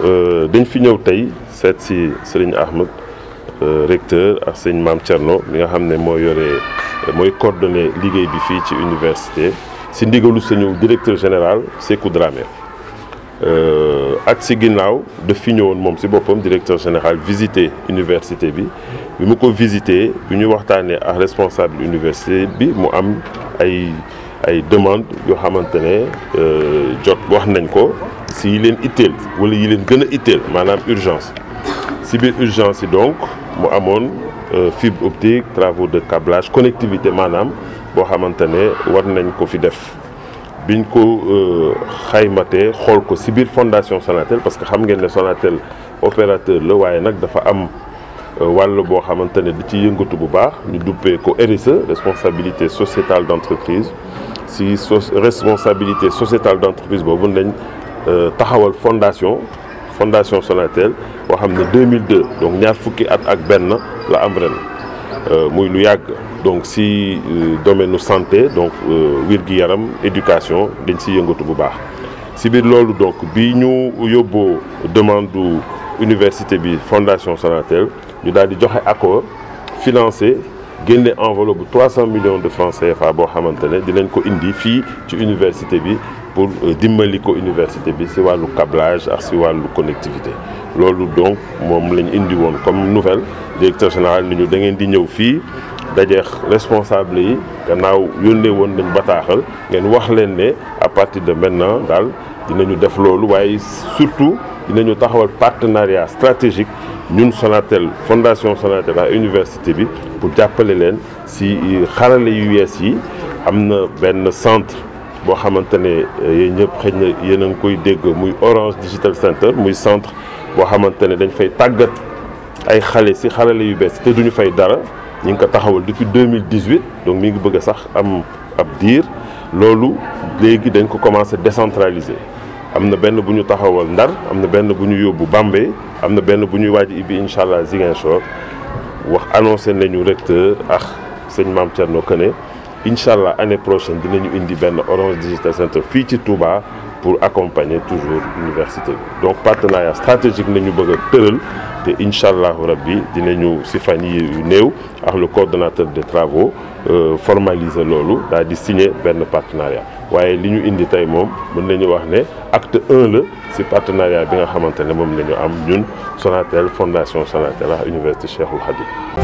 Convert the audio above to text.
Euh, dañ fi ñëw tey seet si Serigne Ahmed euh, recteur ak sëñ Maam Thierno mi nga xam ne moo yore mooy coordonné liggéey bi fii ci université si ndigalu suñu directeur général Sékou Dramé euh, ak si ginnaaw daf fi ñëwoon moom si boppam directeur général visité université bi bi mu ko visité bu ñu waxtaanee ak responsable université bi mu am ay ay demande yoo xamante ne jot wax nañ ko si yi leen itteel wala yi leen gën a itteel maanaam urgence si biir urgence yi donc mu amoon euh, fibre optique travaux de câblage connectivité maanaam boo xamante ne war nañ ko fi def biñ ko euh, xaymatee xool ko si biir fondation Sonatel parce que xam ngeen ne Sonatel opérateur la waaye nag dafa am euh, wàll boo xamante ne di ci yëngatu bu baax ñu duppee ko RSE responsabilité sociétale d'entreprise si responsabilité sociétale d'entreprise boobu nañ Euh, taxawal fondation fondation Sonatel boo xam ne 2002 donc ñaar fukki at ak benn la am ren euh, muy lu yàgg donc si euh, domaine nu santé donc wér-gi-yaram éducation dañ si yëngatu bu baax si biir loolu donc bi ñu yóbboo demande université bi fondation Sonatel ñu daal di joxe accord financé génne enveloppe bu 300 millions de francs CFA boo xamante ne di leen ko indi fii ci université bi pour euh, dimbali ko université bi si wàllu câblage ak si wàllu connectivité loolu donc moom la ñu indi woon comme nouvelle directeur général ni ñu da ngeen di ñëw fii dajeex responsable yi gannaaw yónnee woon nañ bataaxal ngeen wax leen ne à partir de maintenant daal dinañu def loolu waaye surtout dinañu taxawal partenariat stratégique ñun Sonatel fondation Sonatel ak université bi pour jàppale leen si euh, xarale yu yees yi am na benn centre boo xamante ne euh, yéen ñëpp xëy na yéen a ngi koy dégg muy Orange Digital Center muy centre boo xamante ne dañ fay tàggat ay xale si xarale yu bees te duñu fay dara ñu ngi ko taxawal depuis 2018 donc mi ngi bëgg sax am ab diir loolu léegi dañ ko commencé décentraliser. am na benn bu ñu taxawal Ndar am na benn bu ñu yóbbu Bambey am na benn bu ñuy waaj ibbi incha allah Ziguinchor wax annoncé nañu recteur ak ah, sëñ maam Thierno Kane incha allah année prochaine dinañu indi benn Orange Digital Center fii ci Touba. pour accompagner toujours université bi donc partenariat stratégique nañu bëgg a tëral te incha allahu rabbi ñu si fan yu néew ak le coordonnateur des travaux euh, formaliser loolu daal di benn partenariat waaye li ñu indi tey moom mën nañu wax ne acte un la si partenariat bi nga xamante ne moom la am ñun Sonatel fondation Sonatel ak université Cheikhoul Khadim